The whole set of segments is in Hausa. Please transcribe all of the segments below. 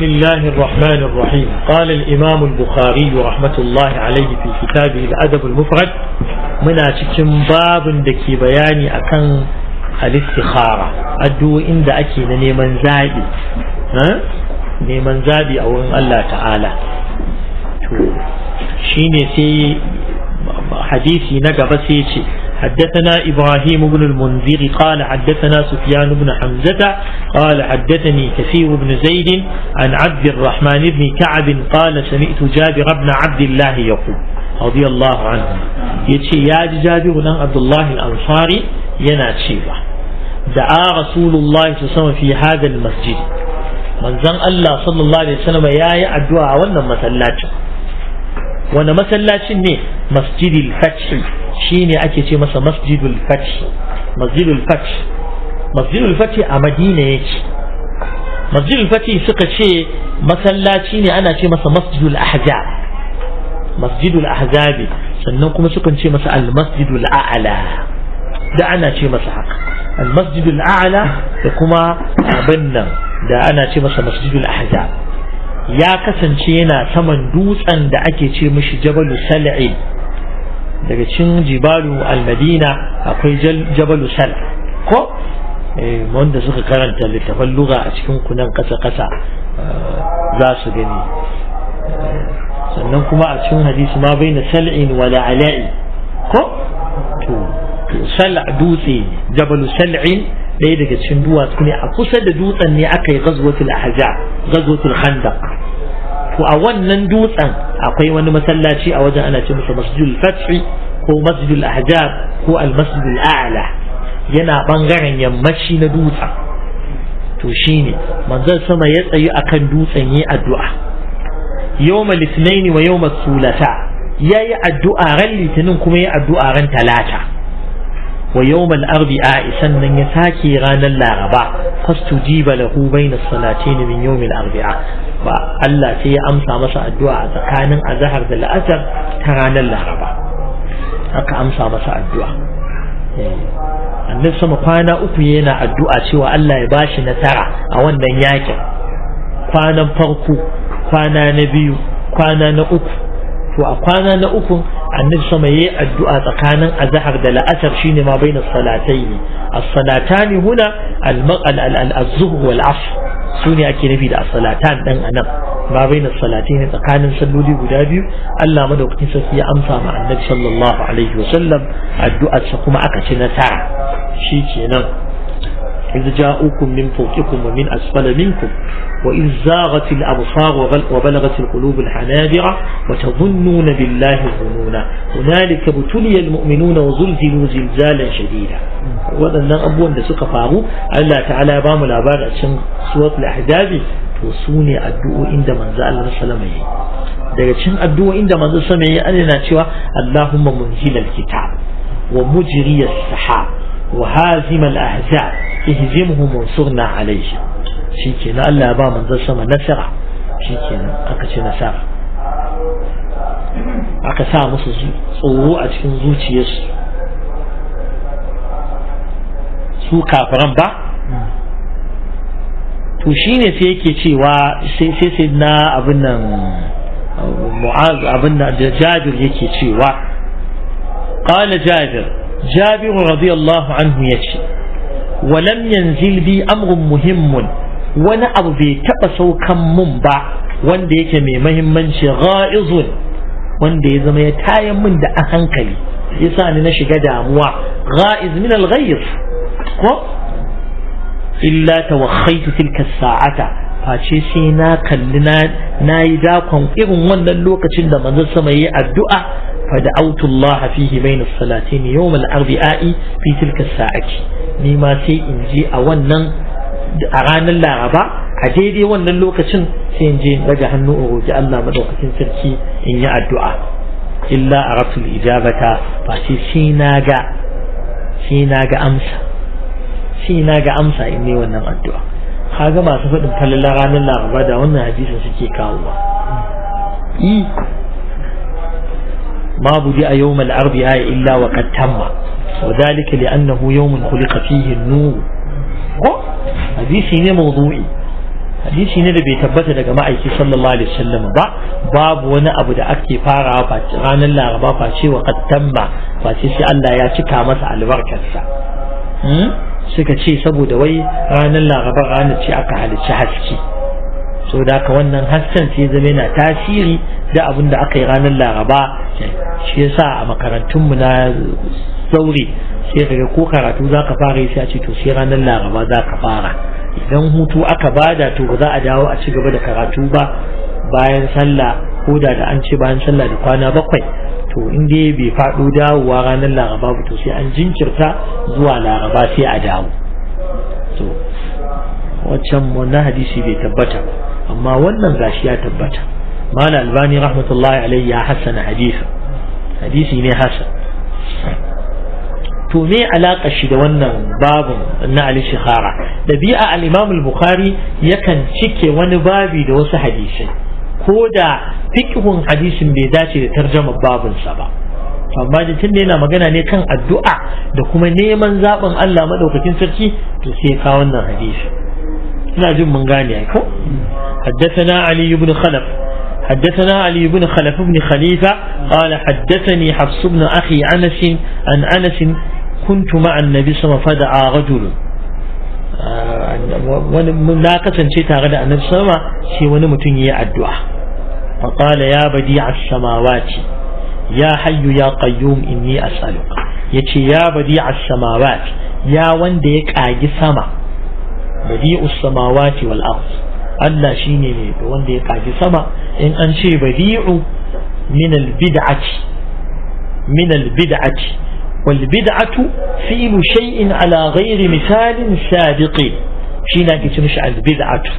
بسم الله الرحمن الرحيم قال الإمام البخاري رحمة الله عليه في كتابه الأدب المفرد من أتكم باب دكي بياني أكن الاستخارة أدو إن دأكي نيمن زابي ها نيمن زابي أو إن الله تعالى شيني سي حديثي نقب سيتي حدثنا إبراهيم بن المنذر قال حدثنا سفيان بن حمزة قال حدثني كثير بن زيد عن عبد الرحمن بن كعب قال سمعت جابر بن عبد الله يقول رضي الله عنه يتشي يا جابر بن عبد الله الأنصاري يناتشيبه دعا رسول الله صلى الله عليه وسلم في هذا المسجد manzon Allah sallallahu alaihi wasallam yayi addu'a a wannan masallacin wani masallacin ne masjidil fathi shine ake ce masa masjidul fath masjidul fath masjidul fath a madina yake masjidul fath suka ce masallaci ne ana ce masa masjidul ahzab masjidul ahzab sannan kuma sukan ce masa al masjidul a'la da ana ce masa haka al masjidul a'la da kuma abin nan da ana ce masa masjidul ahzab ya kasance yana saman dutsen da ake ce mishi jabalu sal'id daga cikin jibalu almadina akwai jabalu sal ko eh, wanda suka karanta littafan lura a cikin kunan kasa-kasa eh, za su gani eh, sannan kuma a cikin hadisi ma bai na sal'in wala ala'i ko to sal dutse jabalu sal'in ɗaya daga cikin duwatsu ne a kusa da dutsen ne aka yi gazwatul ahza gazwatul khandaq to a wannan dutsen akwai wani masallaci a wajen ana ce masa masjidul fathi ko masjidul ahjab, ko al masjidul a'la yana bangaren yammaci na dutsen to shine manzon sama ya tsayi akan dutsen yi addu'a yawma litnaini wa yawma sulata yayi addu'a ran litinin kuma yayi addu'a ran talata wa yawmal arbi'a nan ya sake ranar laraba fastujiba lahu bayna salatayn min yawmil arbi'a ba Allah sai ya amsa masa addu'a a tsakanin azhar da la'asar ta ranar laraba aka amsa masa addu'a eh, annabi sama kwana uku yana addu'a cewa Allah ya bashi nasara a wannan yakin kwanan farko kwana na biyu kwana na uku to a kwana na uku annabi sama yayi addu'a tsakanin azhar da la'asar shine ma bainas salataini as-salatani huna al-zuhr wal sune ake nufi da as-salatan dan anan ma bainas ne tsakanin salloli guda biyu Allah madaukakin sarki ya amsa ma annabi sallallahu alaihi wasallam addu'ar sa kuma aka ci nasara kenan. إذ جاءوكم من فوقكم ومن أسفل منكم وإذ زاغت الأبصار وبلغت القلوب الحنادرة وتظنون بالله الظنون هنالك ابتلي المؤمنون وزلزلوا زلزالا شديدا وأن أبوان لسك فارو ألا تعالى بام الأبار أشن سورة الأحزاب توصوني أدوء عند من زال رسلمه daga cin addu'a inda manzo sama yayi an yana cewa Allahumma munhil alkitab wa mujri as ihzimhum wansurna alayhi shikenan Allah ya ba manzon sama nasara shikenan aka ce nasara aka sa musu tsoro a cikin zuciyarsu su kafiran ba to shine sai yake cewa sai sai sai na abin nan mu'az abin nan da Jabir yake cewa qala Jabir Jabir radiyallahu anhu yace Walamyan zilbi bi muhimmin wani abu bai taɓa saukan mun ba wanda yake mai mahimmanci gha'izun wanda ya zama ya taya mun da a hankali yasa ni na shiga damuwa gha'iz min al-ghayr ko illa tawakhaytu tilka sa'ata face sai na kalli na yi dakon irin wannan lokacin da manzon sama yi addu'a فدعوت الله فيه بين الصلاتين يوم الأربعاء في تلك الساعة نما سي إنجي أولا أغانا لا غبا عجيدي وانا اللوكة سينجي رجع النؤر جاء الله مدوكة سركي إن يا الدعاء إلا أردت الإجابة فاسي سيناغا سيناغا أمسا سيناغا أمسا إني وانا الدعاء kaga masu faɗin falala ranar laraba da wannan hadisin suke kawowa ما بدأ يوم الأربعاء إلا وقد تم وذلك لأنه يوم خلق فيه النور حديثي موضوعي hadisi ne da bai tabbata daga ma'aiki sallallahu alaihi wasallam ba babu wani abu da ake farawa ranar laraba face wa kattamma sai Allah ya cika masa albarkarsa suka ce saboda wai ranar laraba ranar ce aka halicci haske so da ka wannan hasken sai zama yana tasiri da abin da aka yi ranar laraba shi yasa a makarantunmu na zaure sai kaga ko karatu za ka fara sai a ce to sai ranar laraba za ka fara idan hutu aka ba da to ba za a dawo a ci gaba da karatu ba bayan sallah ko da da an ce bayan sallah da kwana bakwai to in dai bai faɗo dawowa ranar laraba ba to sai an jinkirta zuwa laraba sai a dawo to waccan na hadisi bai tabbata amma wannan gashi ya tabbata mana albani rahmatullahi alaihi ya hassana hadisi hadisi ne Hassan. to me shi da wannan babu na Ali Shikhara dabi'a al-Imam al-Bukhari yakan cike wani babi da wasu hadisai ko da fikihun hadisin bai dace da tarjamar babin sa ba amma da tun yana magana ne kan addu'a da kuma neman zaɓin Allah maɗaukakin sarki to sai ka wannan hadisi لازم من غاني يعني. حدثنا علي بن خلف حدثنا علي بن خلف بن خليفة قال حدثني حفص بن أخي أنس أن أنس كنت مع النبي صلى الله عليه وسلم فدعا رجل آه، ناقصا شيء تغدى النبي صلى الله عليه وسلم شيء فقال يا بديع السماوات يا حي يا قيوم إني أسألك يا بديع السماوات يا وندك أجي سماوات badi'us samawati wal ard Allah shine ne wanda ya kaji sama in an ce badi'u min al bid'ati min al bid'ati wal bid'atu fi'lu shay'in ala ghairi misalin sabiqi shine ake ce mishi al bid'atu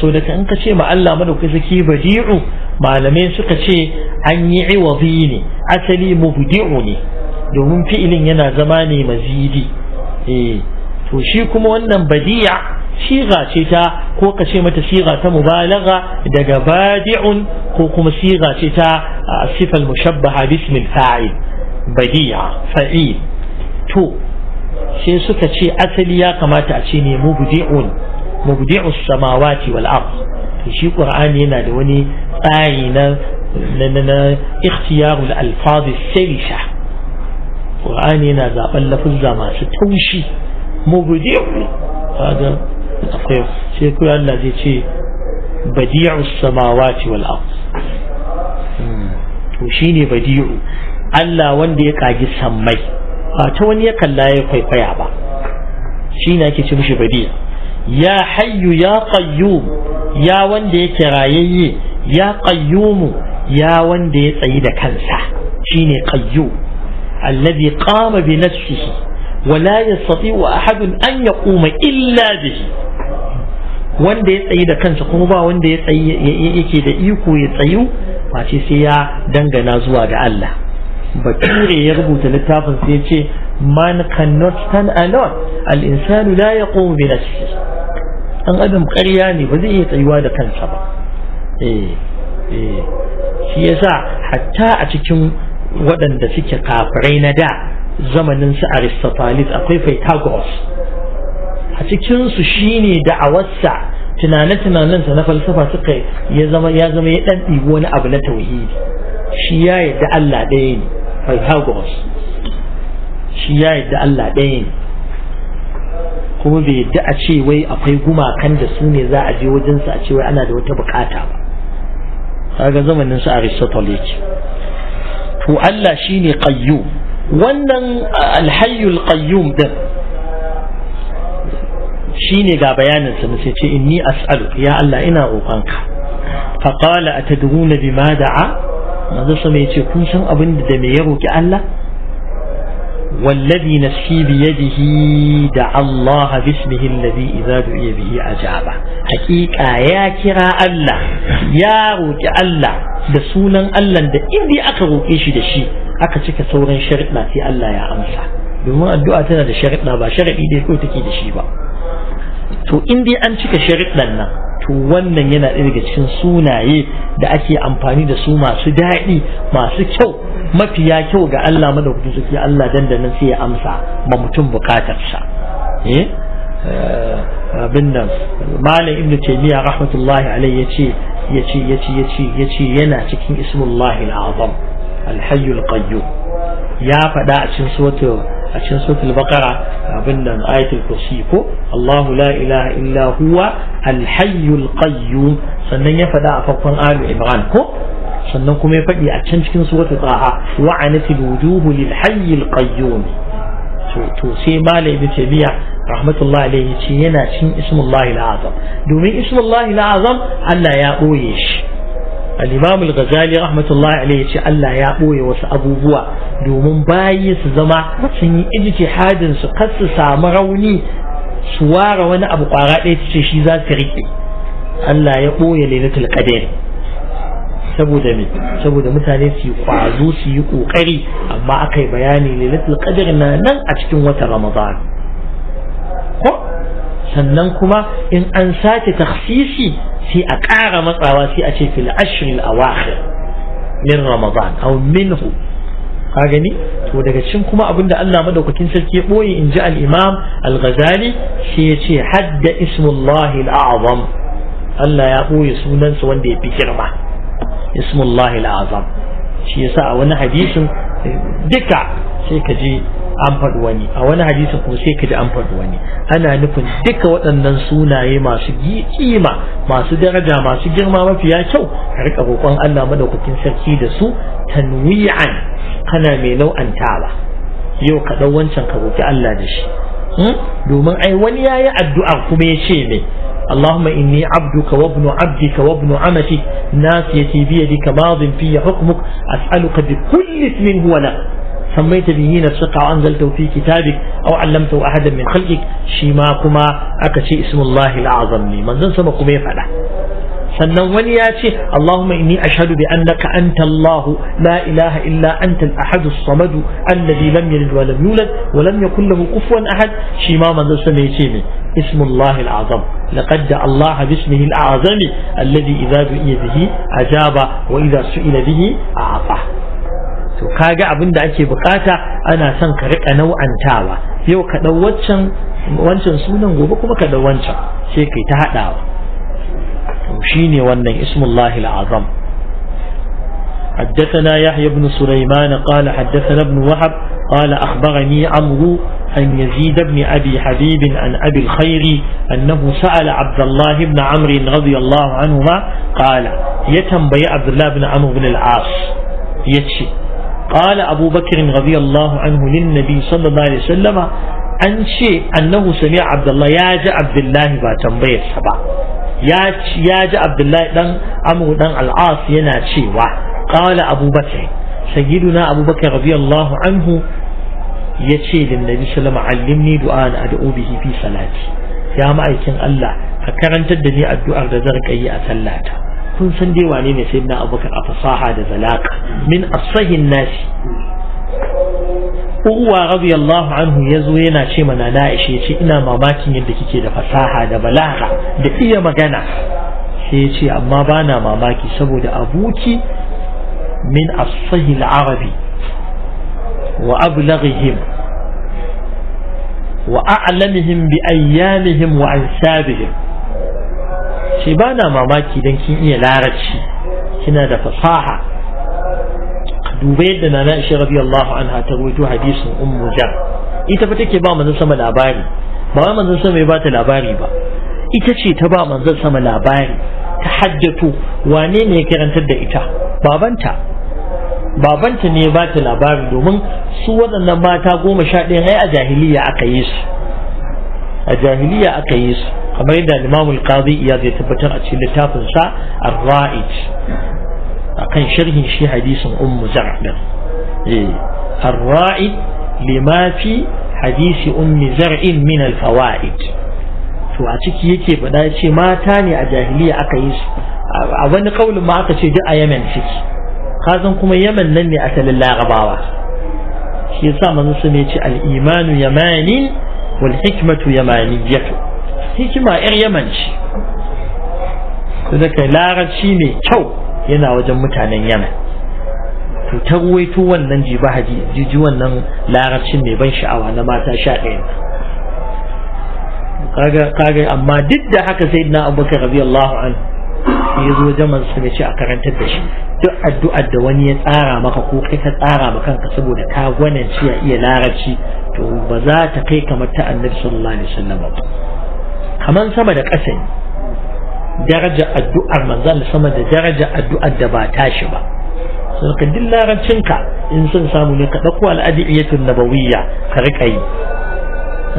so da in ka ce ma Allah madaukai saki badi'u malamai suka ce an yi iwazi ne asali mubdi'u ne domin fi'ilin yana zama ne mazidi eh to shi kuma wannan badi'a صيغه تيتا كو كشي متى صيغه مبالغه دغ بادع كو كما صيغه تيتا الصفه المشبهه باسم الفاعل بديع فعيل تو شي سوكا تشي اصلي يا كما تا مبديعون مبديع السماوات والارض شي قران هنا ده وني تاي اختيار الالفاظ السلسه قران هنا ذا بلف الزمان توشي مبديع هذا sai kawai Allah zai ce badi'u samawati wal ard to shine badi'u Allah wanda ya kagi sammai ba ta wani ya kalla ya kwaikwaya ba shine ake ce mishi badi'u ya hayyu ya qayyum ya wanda yake rayayye ya qayyumu ya wanda ya tsayi da kansa shine qayyum alladhi qama bi nafsihi ولا an ya أن illa da shi. wanda ya tsayi da kansa kuma ba wanda ya tsayi yake da iko ya tsayu face sai ya dangana zuwa ga Allah bature ya rubuta littafin sai ya ce man cannot stand alone al insanu la yaqumu bi nafsihi an adam ƙarya ne ba zai iya tsayuwa da kansa ba eh eh shi yasa hatta a cikin waɗanda suke kafirai na da zamanin su Aristophanes akwai Pythagoras a cikinsu su shine da'awarsa tunane tunaninsa na falsafa suka ya zama ya zama ya ɗan ɗibi wani abu na tauhidi shi ya yadda Allah ɗaya ne Pythagoras shi ya yadda Allah ɗaya ne kuma bai yadda a ce wai akwai gumakan da su ne za a je wajensa a ce wai ana da wata bukata ba kaga zamanin su Aristotle ce. to Allah shine qayyum wannan alhayyul qayyum din shine ga bayanin sa nace ce inni as'alu ya Allah ina roƙonka fa a atadununa bima da'a manzo kun san abin da me ya roki Allah wallazi nafsi bi yadihi da Allah bismihi alladhi idza du'iya bihi ajaba haqiqa ya kira Allah ya roki Allah da sunan Allah da indi aka roƙe shi da shi aka cika sauran sharuɗa sai Allah ya amsa domin addu'a tana da sharuɗa ba sharaɗi dai kawai take da shi ba to in dai an cika sharuɗan nan to wannan yana ɗaya daga cikin sunaye da ake amfani da su masu daɗi masu kyau mafiya kyau ga Allah madaukakin suke Allah dandanan sai ya amsa ma mutum bukatarsa eh, eh abin nan malam ibnu taymiya rahmatullahi alayhi yace yace yace yace yace yana cikin ismullahi al-azam al ya faɗa a cikin Sotar. a cikin suratul bakara abin nan ayatul kursi ko Allahu la ilaha illa huwa al-hayyul qayyum sannan ya faɗa a farkon alu imran ko sannan kuma ya faɗi a can cikin suratul taha wa anatil wujuhu lil hayyil qayyum to sai malai ibn tabiya rahmatullahi alayhi ce yana cin ismullahi al-azam domin ismullahi al-azam Allah ya ɓoye shi al-imam al-ghazali rahmatullahi alayhi ce Allah ya boye wasu abubuwa domin bayi su zama sun yi ijtihadin su kar su samu rauni su ware wani abu kwara ɗaya su ce shi za su rike Allah ya boye lailatul qadr saboda me saboda mutane suyi yi kwazo su yi kokari amma akai bayani lailatul qadr na nan a cikin watan ramadan sannan kuma in an sake takhsisi sai a ƙara matsawa sai a ce fil ashril awakhir min ramadan aw minhu ka gani to daga cikin kuma abinda Allah madaukakin sarki ya boye in ji al-Imam al-Ghazali sai ya ce hadda ismullahi al-azam Allah ya boye sunansa wanda ya fi girma ismullahi al-azam shi yasa a wani hadisin eh, duka sai ka ji an faɗi wani a wani hadisi kuma sai ka ji an faɗi wani ana nufin duka waɗannan sunaye masu kima masu daraja masu girma mafiya kyau a rika roƙon Allah madaukakin sarki da su tanwi'an kana mai nau'antawa yau ka ɗau wancan ka roƙi Allah da shi hmm? domin ai wani yayi addu'a kuma ya ce mai اللهم إني عبدك وابن عبدك وابن عمتك ناسيتي بيدك ماض في حكمك أسألك بكل اسم هو لك سميت به نفسك أو أنزلته في كتابك أو علمته أحدا من خلقك شيما كما أكشي اسم الله الأعظم لي من زنسم قمي فلا sannan wani ya ce Allahumma inni ashhadu bi annaka anta Allah la ilaha illa anta al-ahad as-samad alladhi lam yalid wa lam yulad wa lam yakul lahu kufuwan ahad shi ma manzo ya ce ne ismullah al-azam laqad da Allah bismihi al-azami alladhi idha du'iya bihi ajaba wa idha su'ila bihi a'ta to kaga abin da ake bukata ana son ka rika nau'antawa yau ka dau waccan wancan sunan gobe kuma ka dau wancan sai kai ta hadawa to shine wannan ismullahi al'azam حدثنا يحيى بن سليمان قال حدثنا ابن وهب قال أخبرني عمرو أن يزيد بن أبي حبيب عن أبي الخير أنه سأل عبد الله بن عمرو رضي الله عنهما قال يتنبي عبد الله بن عمرو بن العاص يتشي قال أبو بكر رضي الله عنه للنبي صلى الله an ce annahu sami abdullahi ya ji abdullahi ba tambayarsa ba ya ji abdullahi dan amu dan al'as yana cewa qala abubakar sayyiduna abubakar radiyallahu anhu ya ce lin sallama allimni du'a na bihi fi salati ya ma ma'aikin Allah a karantar da ni addu'ar da zan yi a sallata kun san dai wane ne sayyidina abubakar a fasaha da zalaka min asahin nasi uwa radiyallahu anhu yazo yana ce mana na ishe ce ina mamakin yadda kike da fasaha da balaga da iya magana sai ya ce amma ba na mamaki saboda abuki min asahil arabi wa ablaghihim wa a'lamihim bi ayyamihim wa ansabihim ce ba na mamaki don kin iya larabci kina da fasaha duba yadda na na ishe rabi Allahu anha ta ruwaito hadisin ummu jar ita fa take ba manzon sama labari ba wai manzon sama ya ba labari ba ita ce ta ba manzon sama labari ta hajjato wane ne ya karantar da ita babanta babanta ne ya ba ta labari domin su waɗannan mata goma sha ɗaya ai a jahiliya aka yi su a jahiliya aka yi su kamar yadda limamul qadi ya zai tabbatar a cikin littafin sa ar-ra'id akan sharhin shi hadisin ummu zar'a eh ar-ra'id lima fi hadisi ummi zar'in min al-fawaid to a ciki yake faɗa ce mata ne a jahiliya aka yi su a wani kaulin ma aka ce duk a yamen ciki kazan kuma yamen nan ne asalin larabawa shi yasa manzo sun ce al-imanu yamanin wal hikmatu yamaniyatu hikima yar yaman ce daga larabci mai kyau yana wajen mutanen yaman to ta ruwaito wannan jibahaji jiji wannan larabcin mai ban sha'awa na mata sha ɗaya kaga kaga amma duk da haka na abubakar radiyallahu anhu ya zo jaman su ne ce a karantar da shi duk addu'ar da wani ya tsara maka ko kai ka tsara maka kanka saboda ka gwanin ya iya larabci to ba za ta kai kamar ta annabi sallallahu alaihi wasallam ba kamar sama da ƙasa ne daraja addu'ar manzon sama da daraja addu'ar da ba ta shi ba sai ka in sun samu ne ka dauko al'adiyatun nabawiyya ka rika yi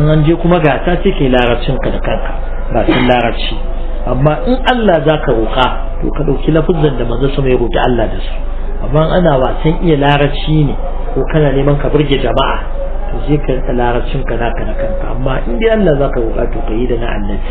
in an je kuma ga ta ce ke larabcinka da kanka ba sun larabci amma in Allah za ka roƙa to ka ɗauki lafuzan da manzo sama ya roƙi Allah da su amma ana wasan iya larabci ne ko kana neman ka burge jama'a to je ka larabcin ka naka na kanka amma in dai Allah zaka roƙa ka yi da na annabi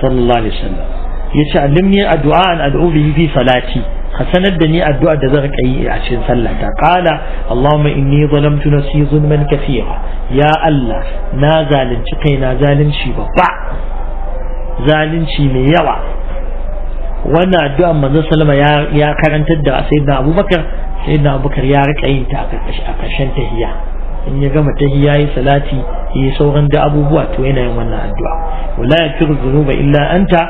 sallallahu alaihi wasallam yace allimni addu'a an ad'u bihi fi salati ka sanar da ni addu'a da zan yi a cikin ta qala allahumma inni zalamtu nafsi zulman kathira ya allah na zalunci kaina zalunci babba zalunci mai yawa wannan addu'a manzo sallama ya karantar da sayyidina abubakar sayyidina abubakar ya rika yin ta a ƙarshen tahiyya in ya gama ta yayi salati yi sauran da abubuwa to yana yin wannan addu'a wala yaghfiru dhunuba illa anta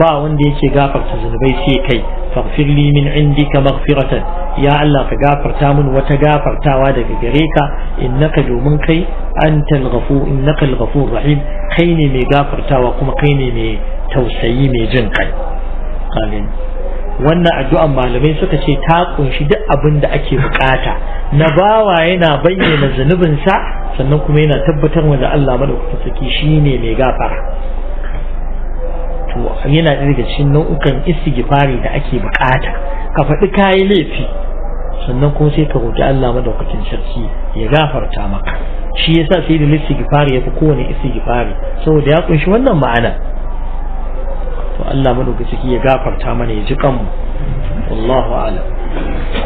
ba wanda yake gafarta zunubai sai kai faghfir li min indika maghfiratan ya Allah ka gafarta min wata gafartawa daga gare ka innaka domin kai antal ghafur innaka al-ghafur rahim kai ne mai gafartawa kuma kai ne mai tausayi mai jin kai wannan addu'an malamai suka ce ta kunshi duk abin da ake bukata na bawa yana bayyana zunubinsa sannan kuma yana tabbatar da Allah madaukakin saki shine mai gafara to yana daga cikin nau'ukan istighfari da ake bukata ka faɗi kai laifi sannan kuma sai ka roki Allah madaukakin sarki ya gafarta maka shi yasa sai da istighfari yafi kowane istighfari saboda ya kunshi wannan ma'ana to Allah madaukaki ya gafarta mana ya ji kanmu wallahu a'lam